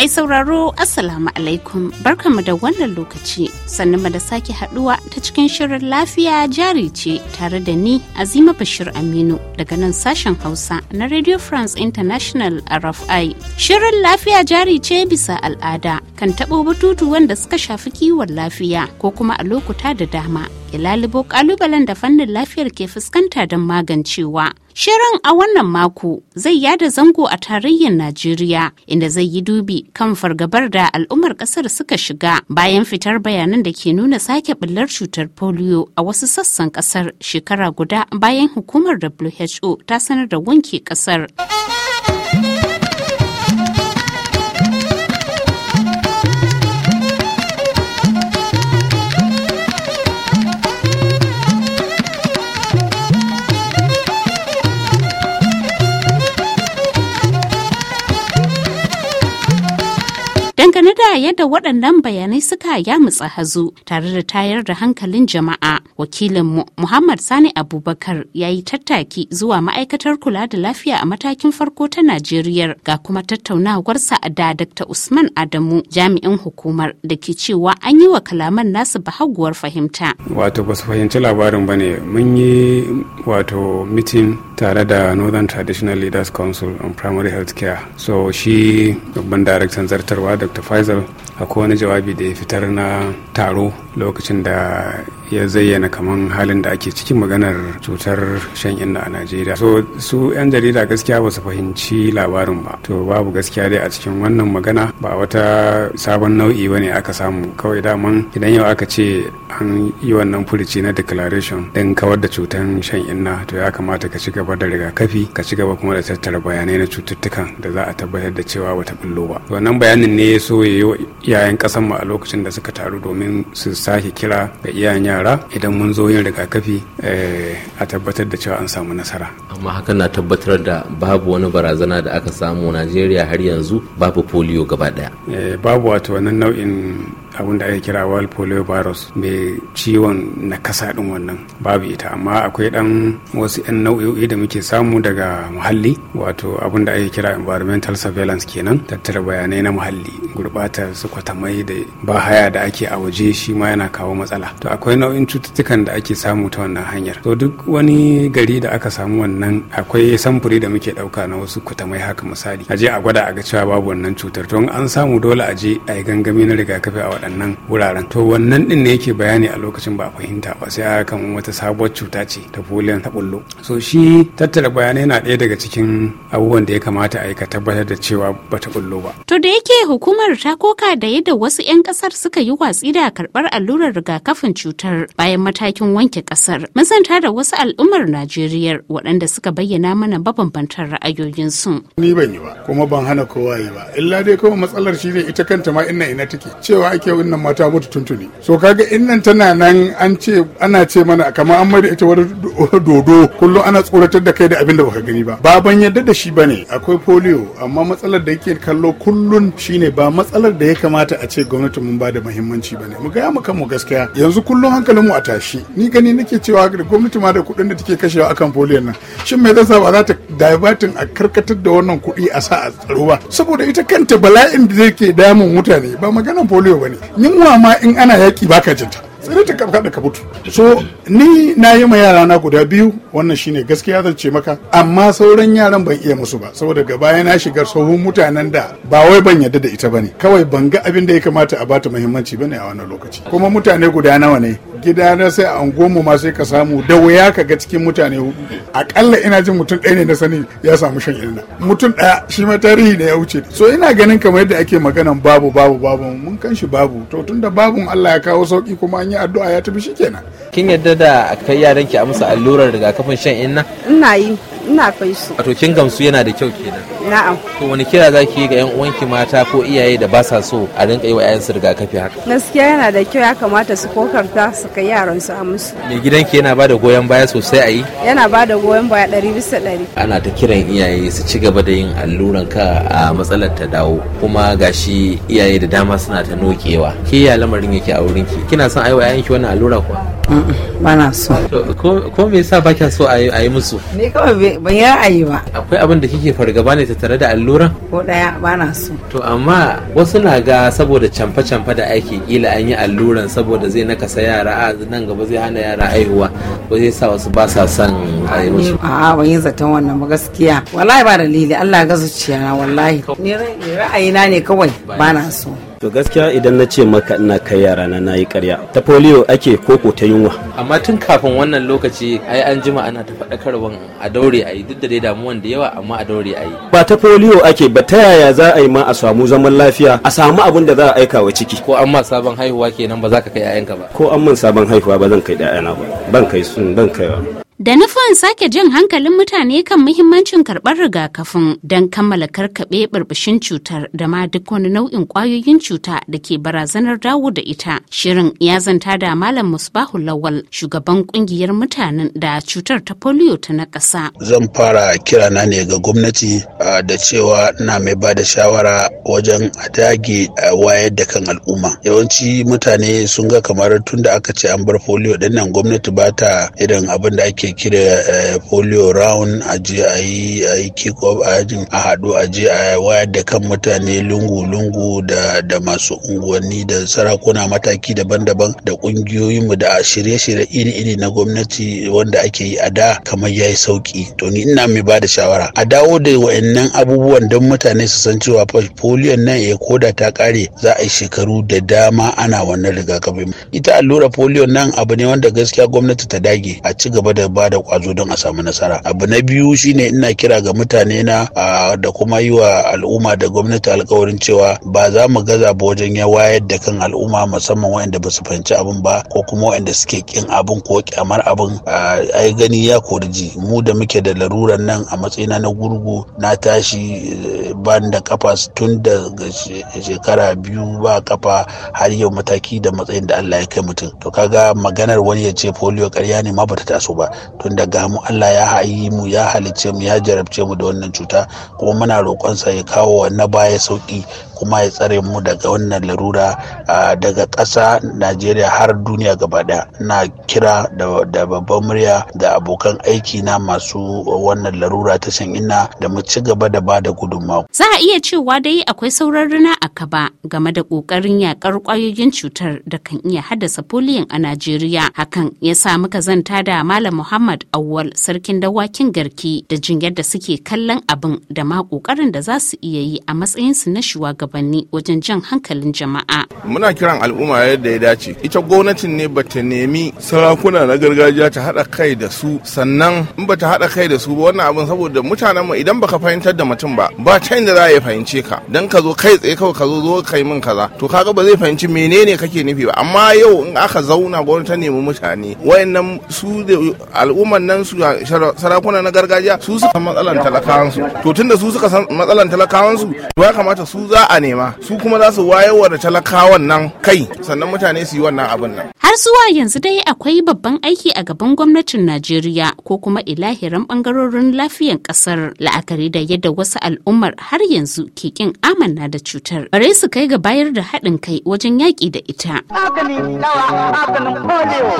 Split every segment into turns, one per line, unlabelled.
Mai sauraro Assalamu alaikum barkanmu da wannan lokaci sannan da sake haduwa ta cikin shirin lafiya jari ce tare da ni Azima Bashir Aminu daga nan sashen Hausa na Radio France International RFI. Shirin lafiya jari ce bisa al'ada kan taɓo batutu wanda suka shafi kiwon lafiya ko kuma a lokuta da dama Ilalibo kalubalen da fannin lafiyar ke fuskanta don magancewa Shirin a wannan mako zai yada zango a tarayyar Najeriya inda zai yi dubi kan fargabar da al'ummar kasar suka shiga bayan fitar bayanan da ke nuna sake bullar cutar polio a wasu sassan kasar shekara guda bayan hukumar WHO ta sanar da wanke kasar. da yadda waɗannan bayanai suka ya mutsa hazo tare da tayar da hankalin jama'a wakilin muhammad sani abubakar ya yi tattaki zuwa ma'aikatar kula da lafiya a matakin farko ta najeriya ga kuma tattaunawarsa da dr usman adamu jami'in hukumar da ke cewa an yi wa kalaman nasu bahaguwar fahimta
wato ba su fahimci labarin ba ne mun yi wato mitin tare da northern traditional leaders council on primary health care so shi babban daraktan zartarwa dr faisal akwai wani jawabi da ya fitar na taro lokacin da ya zayyana kaman halin da ake cikin maganar cutar shan inna a najeriya so su 'yan jarida gaskiya ba su fahimci labarin ba to babu gaskiya dai a cikin wannan magana ba wata sabon nau'i ba ne aka samu kawai daman idan yau aka ce an yi wannan furuci na declaration din kawar da cutar shan inna to ya kamata ka ci gaba da rigakafi ka ci gaba kuma da tattara bayanai na cututtukan da za a tabbatar da cewa wata bullo ba wannan bayanin ne ya so ya kasan mu a lokacin da suka taru domin su sake kira ga iyayen a. yara idan mun zo yin rigakafi eh, a tabbatar da cewa an samu nasara amma
hakan na tabbatar da
babu wani barazana da aka
samu najeriya har yanzu babu polio gaba daya
eh, babu wato wannan nau'in abin da ake kira wild polio virus mai ciwon nakasa din wannan babu ita amma akwai dan wasu yan nau'o'i da muke samu daga muhalli wato abin da ake kira environmental surveillance kenan tattara bayanai na muhalli gurbatar su kwatamai da bahaya da ake a waje shi ma yana kawo matsala to akwai nau'in cututtukan da ake samu ta wannan hanyar to duk wani gari da aka samu wannan akwai samfuri da muke dauka na wasu kwatamai haka misali a je a gwada a ga cewa babu wannan cutar to an samu dole a je a yi gangami na rigakafi a waɗannan waɗannan wuraren to wannan din ne yake bayani a lokacin ba fahimta ba sai aka kan wata sabuwar cuta ce ta polio ta bullo so shi tattara bayanai na ɗaya daga cikin abubuwan da ya kamata a yi ka tabbatar da cewa ba ta bullo ba
to da yake hukumar ta koka da yadda wasu 'yan kasar suka yi watsi da karɓar allurar rigakafin cutar bayan matakin wanke kasar mun san da wasu al'ummar najeriya waɗanda suka bayyana mana mabambantan ra'ayoyinsu
ni ban yi ba kuma ban hana kowa yi ba illa dai kuma matsalar shi ne ita kanta ma ina ina take cewa ake ce wannan mata mutu tuntuni so kaga in nan tana nan an ce ana ce mana kamar an mai ita wani dodo kullum ana tsoratar da kai da abin da baka gani ba baban yadda da shi ne akwai polio amma matsalar da yake kallo kullun shine ba matsalar da ya kamata a ce gwamnati mun bada muhimmanci bane mu ga mu kanmu gaskiya yanzu kullum hankalin mu a tashi ni gani nake cewa gwamnati ma da kuɗin da take kashewa akan polio nan shin me zai sa ba za ta diverting a karkatar da wannan kuɗi a sa a tsaro ba saboda ita kanta bala'in da zai ke damun mutane ba maganan polio bane yunwa ma in ana yaki baka jinta sai ta kafka da ka mutu so ni na yi ma yara na guda biyu wannan shine gaskiya zan ce maka amma sauran yaran ban iya musu ba saboda gaba na shiga tsohon mutanen da ba wai ban yadda da ita bane kawai ban ga abin da ya kamata a bata muhimmanci bane a wannan lokaci kuma mutane guda nawa ne gida na sai a goma ma sai ka samu da wuya ka ga cikin mutane hudu akalla ina jin mutum ɗaya ne na sani ya samu shan illa mutum ɗaya shi ma tarihi ne ya wuce so ina ganin kamar yadda ake maganan babu babu babu mun kan shi babu to tunda babun Allah ya kawo sauki kuma an yi addu'a ya tafi shikenan
kin yadda da kai yaran ki a musu allurar rigakafin shan inna ina yi ina kai su wato kin gamsu yana da kyau kenan na'am to wani kira zaki yi ga yan uwanki mata ko iyaye da ba sa so a rinka yi wa yayan su rigakafi haka gaskiya yana da kyau ya kamata su kokarta su kai yaran su a musu mai gidanki yana ba da goyon baya sosai ayi? Yana ba da goyon baya ɗari bisa ɗari ana ta kiran iyaye su ci gaba da yin alluran ka a matsalar ta dawo kuma gashi iyaye da dama suna ta nokewa ke ya lamarin yake a wurin ki? kina son aiwa yayanki wannan allura kuwa ba so ko me yasa ba so a yi musu
ni kawai ban yi ra'ayi ba
akwai abin da kike fargaba ne tattare da alluran
ko daya ba so to
amma wasu na ga saboda camfe-camfe da ake kila an yi alluran saboda zai nakasa yara a nan gaba zai hana yara haihuwa ko zai sa wasu ba sa son a yi musu
a'a ban yi zaton wannan ba gaskiya wallahi ba dalili Allah ga zuciya na wallahi ni ra'ayina ne kawai ba na so
to gaskiya idan na ce maka ina kai yara na nayi karya ta polio ake koko ta yunwa amma tun kafin wannan lokaci ai an jima ana ta faɗakarwan a daure ayi duk da dai damuwan da yawa amma a daure ayi ba ta polio ake ba ta yaya za a yi ma a samu zaman lafiya a samu abin da za a aika wa ciki ko an ma sabon haihuwa kenan ba za ka kai 'ya'yanka ba ko an sabon haihuwa ba zan kai 'ya'yana ba ban kai su 응, 넌 그래요.
da nufin sake jin hankalin mutane kan muhimmancin karɓar rigakafin don kammala karkaɓe burbushin cutar da ma duk wani nau'in ƙwayoyin cuta da ke barazanar dawo da ita shirin ya zanta da malam musbahu lawal shugaban ƙungiyar mutanen da cutar ta polio ta na ƙasa
zan fara kira na ne ga gwamnati da cewa na mai ba da shawara wajen a dage wayar da kan al'umma yawanci mutane sun ga kamar tunda aka ce an bar polio ɗin gwamnati ba ta irin abin da ake ake kira eh, polio round a je a yi a yi kick off a haɗu a je a wayar da kan mutane lungu-lungu da da masu unguwanni da sarakuna mataki daban-daban da ƙungiyoyinmu da shirye-shirye iri-iri na gwamnati wanda ake yi a da kamar ya yi sauƙi to ni ina mai ba da shawara a dawo da wa'annan abubuwan don mutane su san cewa polio nan ya eh, koda ta ƙare za a yi shekaru da dama ana wannan rigakafin ita allura polio nan abu ne wanda gaskiya gwamnati ta dage a ci gaba da ba da kwazo don a samu nasara abu na biyu shine ina kira ga mutane na da kuma yi wa al'umma da gwamnati alkawarin cewa ba za mu gaza ba wajen ya wayar da kan al'umma musamman waɗanda ba su fahimci abin ba ko kuma waɗanda suke kin abin ko kyamar abin ai gani ya ji. mu da muke da laruran nan a matsayina na gurgu na tashi eh, ban da kafa tun da shekara biyu ba kafa har yau mataki da matsayin da Allah ya kai mutum to kaga maganar wani ya ce polio ƙarya ne ma bata taso ba tun da mu Allah ya hayi mu ya halicce mu ya jarabce mu da wannan cuta kuma muna roƙonsa ya kawo wa na baya sauƙi kuma ya tsare mu daga wannan larura daga ƙasa najeriya har duniya gaba daya na kira da babban murya da abokan aiki na masu wannan larura ta san ina da mu ci gaba da ba da gudunmawa.
za a iya cewa dai akwai sauran rana a kaba game da ƙoƙarin yakar ƙwayoyin cutar da kan iya haddasa foliyon a najeriya hakan ya sa muka zanta da malam muhammad awwal sarkin dawakin garki da jinyar da suke kallon abin da ma ƙoƙarin da za su iya yi a matsayinsu na shugaban shugabanni wajen jan hankalin jama'a.
Muna kiran al'umma yadda ya dace. Ita gwamnatin ne ba ta nemi sarakuna na gargajiya ta haɗa kai da su sannan in ba ta haɗa kai da su ba wannan abin saboda mutanen mu idan baka fahimtar da mutum ba ba ta da za a fahimce ka dan ka zo kai tsaye kawai ka zo zo kai min kaza to kaga ba zai fahimci menene kake nufi ba amma yau in aka zauna gwamnati ta nemi mutane wayannan su da al'umman nan su sarakuna na gargajiya su suka matsalan talakawansu to tunda su suka san matsalan talakawansu to ya kamata su za a ne ma su kuma za su wayewa da talakawan nan kai sannan mutane su yi wannan abin nan
har zuwa yanzu dai akwai babban aiki a gaban gwamnatin najeriya ko kuma ilahiran bangarorin lafiyan kasar la'akari da yadda wasu al'ummar har yanzu ke kin amanna da cutar bare su kai ga bayar da haɗin kai wajen yaƙi da ita maganin maganin polio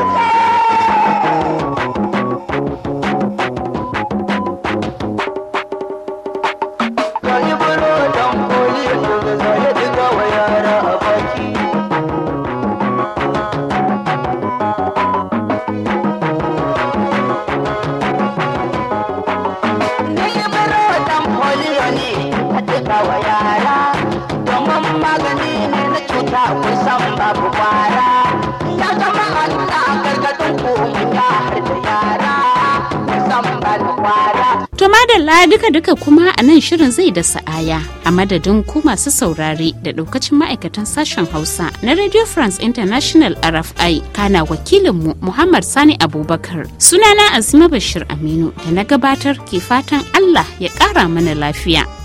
madalla duka-duka kuma a nan shirin zai da sa'aya a madadin ku masu saurare da daukacin ma'aikatan sashen hausa na radio france international rfi kana wakilinmu muhammad sani abubakar sunana azima bashir aminu da na gabatar ke fatan allah ya kara mana lafiya